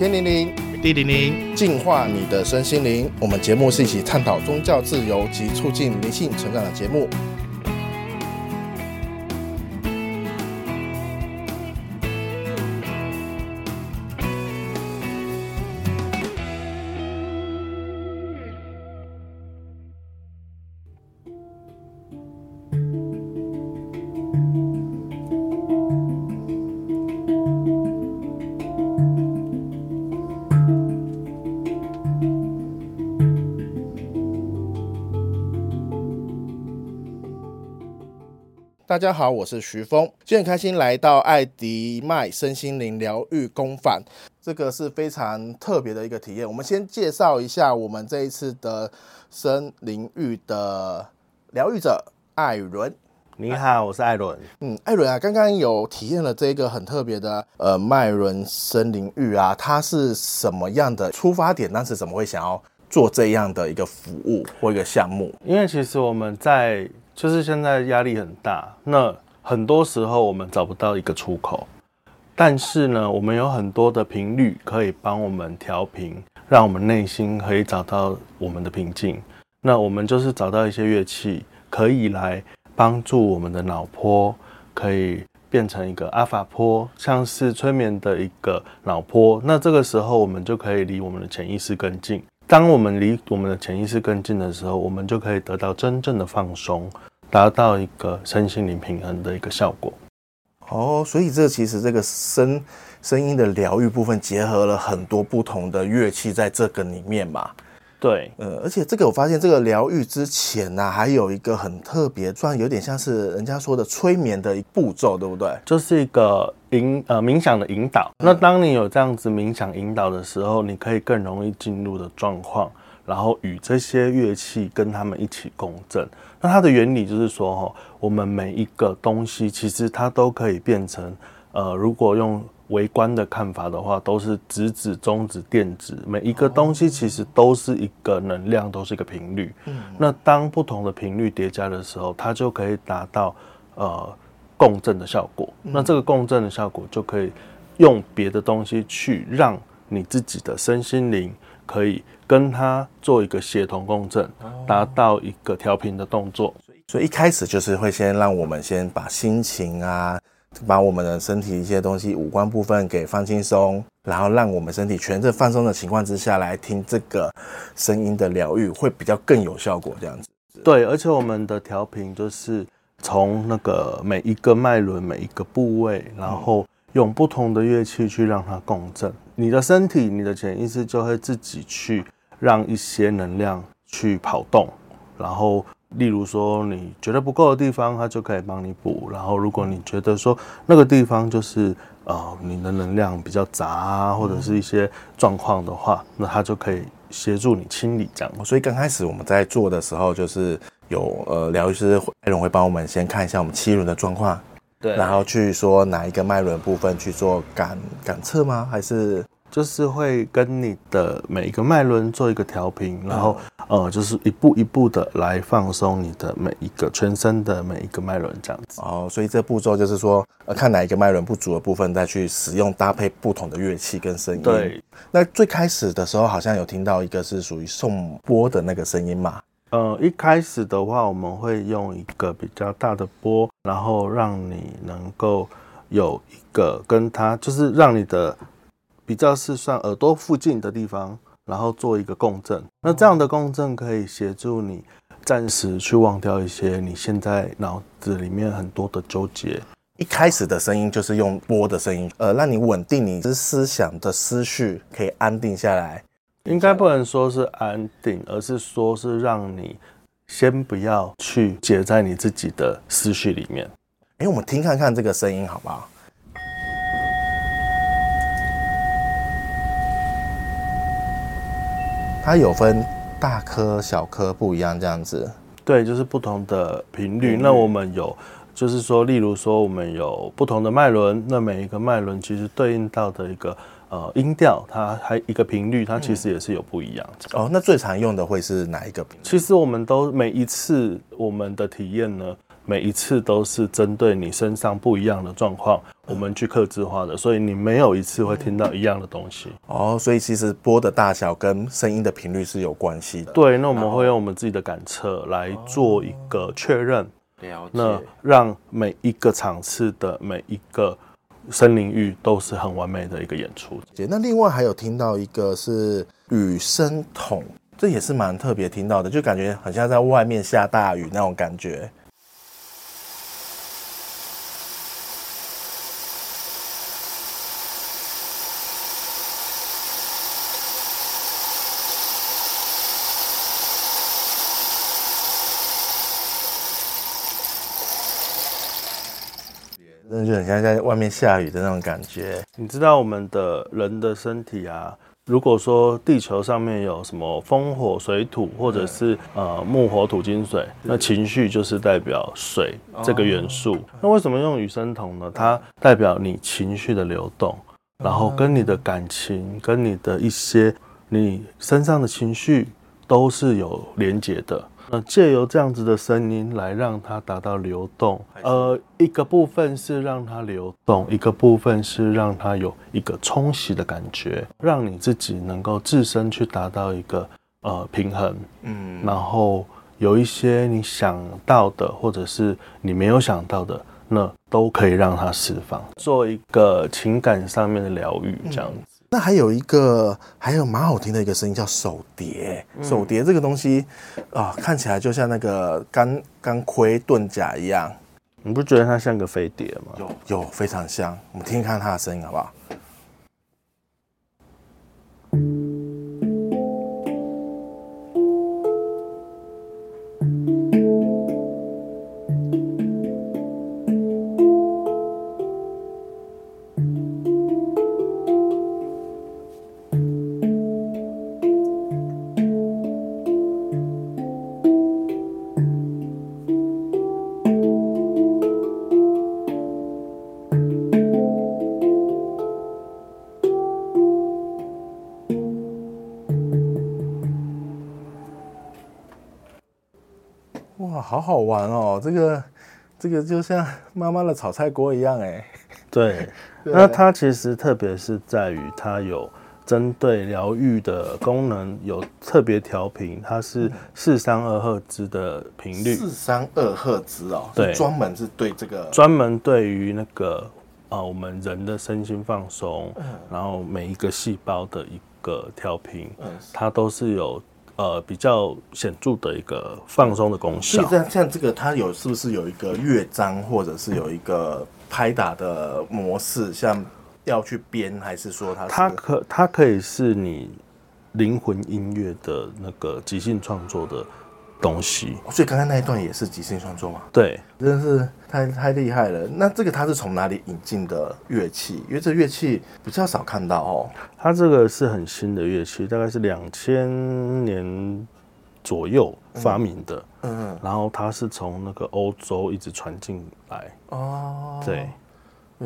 天靈靈，地靈靈，淨化你的身心靈。我們節目是一起探討宗教自由及促進靈性成長的節目。大家好，我是徐峰，今天很開心來到艾迪麥身心靈療癒工坊，這個是非常特別的一個體驗。我們先介紹一下我們這一次的聲林癒的療癒者艾倫。你好，我是艾倫。嗯，艾倫啊，剛剛有體驗了這個很特別的呃麥倫聲林癒啊，它是什麼樣的出發點？當時怎麼會想要做這樣的一個服務或一個項目？因為其實我們在，就是現在壓力很大，那很多時候我們找不到一個出口，但是呢，我們有很多的頻率可以幫我們調頻，讓我們內心可以找到我們的平靜。那我們就是找到一些樂器，可以來幫助我們的腦波，可以變成一個阿法波，像是催眠的一個腦波。那這個時候我們就可以離我們的潛意識更近。當我們離我們的潛意識更近的時候，我們就可以得到真正的放鬆。達到一個身心靈平衡的一個效果。哦，oh, 所以這其實這個聲聲音的療癒部分結合了很多不同的樂器在這個裡面嘛。對，呃，而且這個我發現這個療癒之前呢、啊，還有一個很特別，雖然有點像是人家說的催眠的一步驟，對不對？就是一個引，呃，冥想的引導。嗯、那當你有這樣子冥想引導的時候，你可以更容易進入的狀況。然後與這些樂器跟他們一起共振。那它的原理就是說、哦，哈，我們每一個東西其實它都可以變成，呃，如果用微觀的看法的話，都是質子、中子、電子，每一個東西其實都是一個能量，都是一個頻率。哦、那當不同的頻率疊加的時候，它就可以達到呃共振的效果。嗯、那這個共振的效果就可以用別的東西去讓你自己的身心靈可以。跟它做一個協同共振，達到一個調頻的動作。所以一開始就是會先讓我們先把心情啊，把我們的身體一些東西、五官部分給放輕鬆，然後讓我們身體全在放鬆的情況之下來聽這個聲音的療癒，會比較更有效果這樣子。對，而且我們的調頻就是從那個每一個脈輪、每一個部位，然後用不同的樂器去讓它共振。你的身體、你的潛意識就會自己去。讓一些能量去跑動，然後，例如說你覺得不夠的地方，它就可以幫你補。然後，如果你覺得說那個地方就是呃你的能量比較雜啊，或者是一些狀況的話，嗯、那它就可以協助你清理這樣。所以剛開始我們在做的時候，就是有呃療癒師艾倫會幫我們先看一下我們七輪的狀況，對，然後去說哪一個脈輪部分去做感感測嗎？還是？就是會跟你的每一個脈輪做一個調頻，然後、嗯、呃，就是一步一步的來放鬆你的每一個全身的每一個脈輪，這樣子。哦，所以這步驟就是說、呃，看哪一個脈輪不足的部分，再去使用搭配不同的樂器跟聲音。對。那最開始的時候，好像有聽到一個是屬於頌缽的那個聲音嘛？呃，一開始的話，我們會用一個比較大的缽，然後讓你能夠有一個跟它，就是讓你的。比較是算耳朵附近的地方，然後做一個共振。那這樣的共振可以協助你暫時去忘掉一些你現在腦子裡面很多的糾結。一開始的聲音就是用缽的聲音，呃，讓你穩定你的思想的思緒，可以安定下來。應該不能說是安定，而是說是讓你先不要去解在你自己的思緒裡面。誒、欸，我們聽看看這個聲音，好不好？它有分大顆、小顆不一樣，這樣子。對，就是不同的頻率。嗯嗯、那我們有，就是說，例如說，我們有不同的脈輪，那每一個脈輪其實對應到的一個呃音調，它還一個頻率，它其實也是有不一樣。嗯、哦，那最常用的會是哪一個頻率？嗯、其實我們都每一次我們的體驗呢。每一次都是針對你身上不一樣的狀況，我們去客製化的，所以你沒有一次會聽到一樣的東西。哦，所以其實波的大小跟聲音的頻率是有關係的。對，那我們會用我們自己的感測來做一個確認，哦、那讓每一個場次的每一個聲林癒都是很完美的一個演出。那另外還有聽到一個是雨聲筒，這也是蠻特別聽到的，就感覺很像在外面下大雨那種感覺。就很像在外面下雨的那種感覺。你知道我們的人的身體啊，如果說地球上面有什麼風火水土，或者是呃木火土金水，那情緒就是代表水這個元素。那為什麼用雨聲筒呢？它代表你情緒的流動，然後跟你的感情，跟你的一些你身上的情緒都是有連接的。那、呃、借由這樣子的聲音來讓它達到流動，是呃，一個部分是讓它流動，嗯、一個部分是讓它有一個沖洗的感覺，讓你自己能夠自身去達到一個呃平衡，嗯，然後有一些你想到的或者是你沒有想到的，那都可以讓它釋放，做一個情感上面的療癒，這樣子。嗯那還有一個，還有蠻好聽的一個聲音，叫手碟。嗯、手碟這個東西，啊、呃，看起來就像那個鋼鋼盔盾甲一樣，你不覺得它像個飛碟嗎？有有非常像，我們聽聽看它的聲音，好不好？哇，好好玩哦！這個，這個就像媽媽的炒菜鍋一樣哎。對， 對，那它其實特別是在於它有針對療癒的功能， 有特別調頻，它是四三二赫茲的頻率。四三二赫茲哦，對，專門是對這個專門對於那個啊、呃，我們人的身心放鬆，嗯、然後每一個細胞的一個調頻，嗯、它都是有。呃，比較顯著的一個放鬆的功效。像像這個，它有是不是有一個樂章，或者是有一個拍打的模式？像要去編，還是說它、這個、它可它可以是你靈魂音樂的那個即興創作的？東西，所以剛才那一段也是即興創作嗎？對，真的是太太厲害了。那這個它是從哪裡引進的樂器？因為這樂器比較少看到哦。它這個是很新的樂器，大概是兩千年左右發明的。嗯，嗯，然後它是從那個歐洲一直傳進來。哦，對。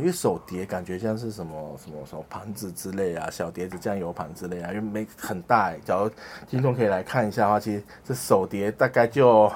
因為手碟感覺像是什麼什麼什麼盤子，之類啊，小碟子醬油盤之類啊，因為沒很大，欸、假如要聽眾可以來看一下的話，其實這手碟大概就，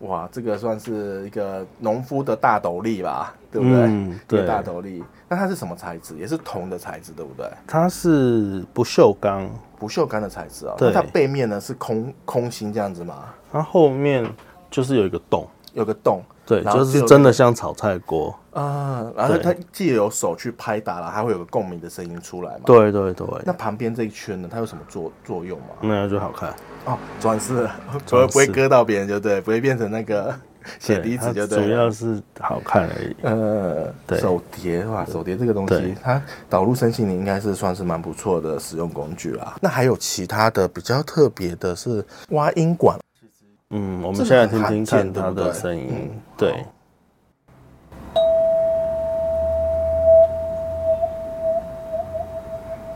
哇，這個算是一個農夫的大斗笠吧，對不對，嗯。對大斗笠。那它是什麼材質？也是銅的材質，對不對？它是不鏽鋼，嗯，不鏽鋼的材質哦，喔。那對它背面呢是空空心這樣子嘛，它後面就是有一個洞，有個洞。對，就是真的像炒菜鍋啊，然後它藉由手去拍打了，它會有個共鳴的聲音出來嘛？對對對。那旁邊這一圈呢，它有什麼作作用嗎？那就好看哦，裝飾，所以不會割到別人，就對，不會變成那個血滴子，就主要是好看而已。呃，對，手碟是手碟這個東西，它導入身心靈應該是算是蠻不錯的使用工具啦。那還有其他的比較特別的是挖音管，嗯，我們現在聽聽看它的聲音。對。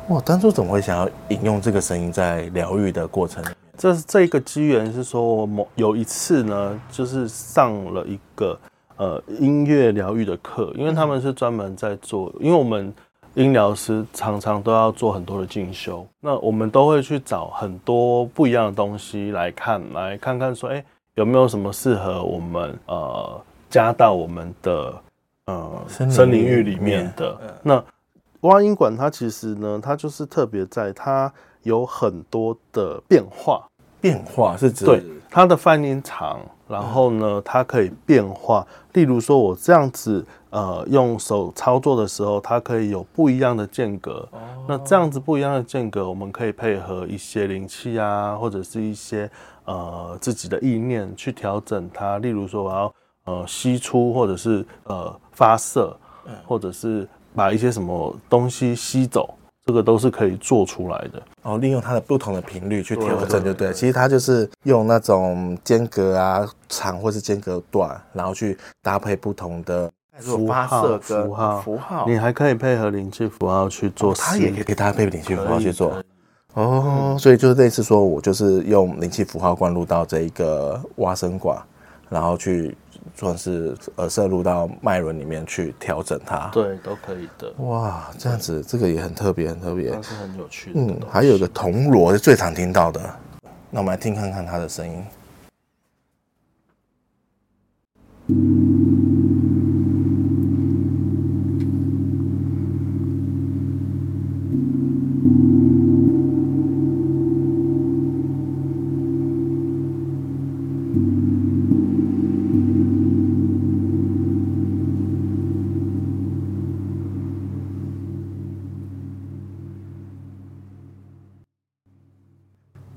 我當初怎麼會想要引用這個聲音在療癒的過程？這是這一個機緣，是說我某有一次呢，就是上了一個呃音樂療癒的課，因為他們是專門在做，因為我們音療師常常都要做很多的進修，那我們都會去找很多不一樣的東西來看，來看看說，哎。有沒有什麼適合我們呃加到我們的呃聲林癒裡面的？面那蛙、嗯、音管它其實呢，它就是特別在它有很多的變化，變化是指、嗯、對它的泛音長，然後呢它可以變化。嗯、例如說，我這樣子呃用手操作的時候，它可以有不一樣的間隔。哦、那這樣子不一樣的間隔，我們可以配合一些靈器啊，或者是一些。呃，自己的意念去調整它，例如說我要呃吸出，或者是呃發射，嗯、或者是把一些什麼東西吸走，這個都是可以做出來的。然後、哦、利用它的不同的頻率去調整就對，對對、對。其實它就是用那種間隔啊長或是間隔短，然後去搭配不同的發射符號。符號，號、號，你還可以配合靈氣符號去做、C 哦。它也可以，可以搭配靈氣符號去做。哦，oh, 嗯、所以就是類似說，我就是用靈氣符號灌入到這一個蛙聲管，然後去算是呃攝入到脈輪裡面去調整它。對，都可以的。哇，這樣子對這個也很特別，很特別，它是很有趣的、嗯。還有一個銅鑼，是最常聽到的，對那我們來聽看看它的聲音。嗯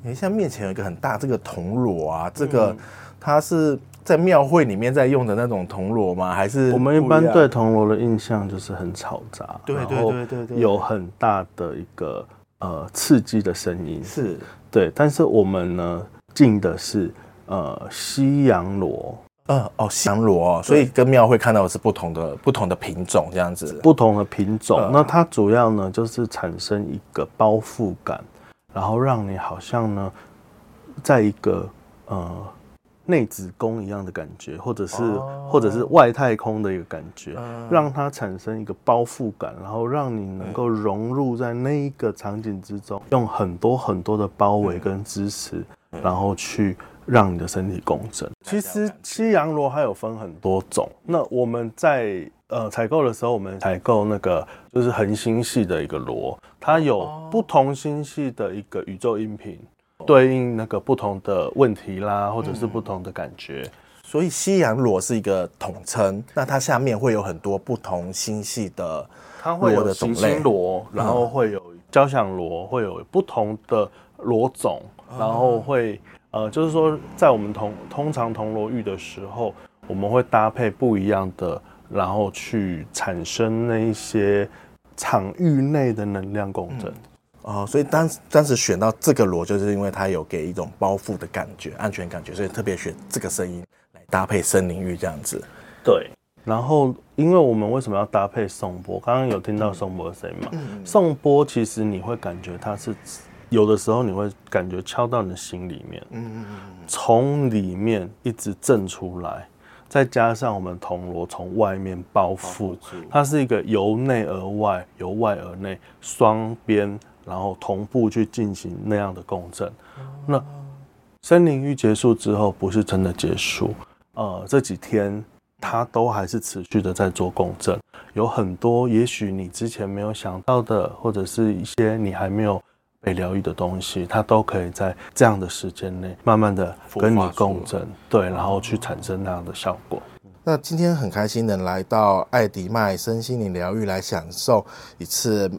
你像、欸、面前有一個很大這個銅鑼啊，這個、嗯、它是在廟會裡面在用的那種銅鑼嗎？還是我們一般對銅鑼的印象就是很嘈雜，對對對對對，對，有很大的一個呃刺激的聲音，是對。但是我們呢進的是呃西洋鑼，嗯、呃、哦西洋鑼、喔，對所以跟廟會看到的是不同的不同的，不同的品種，這樣子不同的品種。那它主要呢就是產生一個包覆感。然後讓你好像呢，在一個呃內子宮一樣的感覺，或者是或者是外太空的一個感覺，讓它產生一個包覆感，然後讓你能夠融入在那一個場景之中，嗯、用很多很多的包圍跟支持，嗯、然後去讓你的身體共振。其實七陽鑼還有分很多種，那我們在。呃，採購的時候，我們採購那個就是恆星系的一個鑼，它有不同星系的一個宇宙音頻，對應那個不同的問題啦，或者是不同的感覺。嗯、所以西洋鑼是一個統稱，那它下面會有很多不同星系的、的。它會有行星鑼，然後會有交響鑼，嗯、會有不同的鑼種，然後會呃，就是說在我們同通常銅鑼浴的時候，我們會搭配不一樣的。然後去產生那一些場域內的能量共振哦、嗯呃，所以當當時選到這個鑼，就是因為它有給一種包袱的感覺、安全感覺，所以特別選這個聲音來搭配森林浴這樣子。對，然後因為我們為什麼要搭配頌缽？剛剛有聽到頌缽的聲音嘛？嗯嗯、頌缽其實你會感覺它是有的時候你會感覺敲到你的心裡面，嗯、從裡面一直震出來。再加上我們銅鑼從外面包覆，它是一個由內而外，由外而內雙邊，然後同步去進行那樣的共振。那森林浴結束之後，不是真的結束，呃，這幾天它都還是持續的在做共振，有很多也許你之前沒有想到的，或者是一些你還沒有。療癒的東西，它都可以在這樣的時間內，慢慢的跟你共振，對，然後去產生那樣的效果。那今天很開心能來到艾迪麥身心靈療癒來享受一次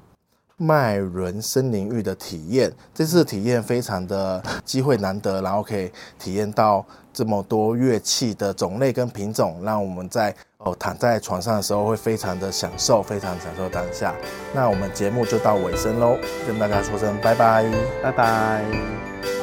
麥倫聲林癒的體驗。這次體驗非常的機會難得，然後可以體驗到這麼多樂器的種類跟品種，讓我們在。哦，躺在床上的時候會非常的享受，非常享受當下。那我們節目就到尾聲嘍，跟大家說聲拜拜，拜拜。拜拜。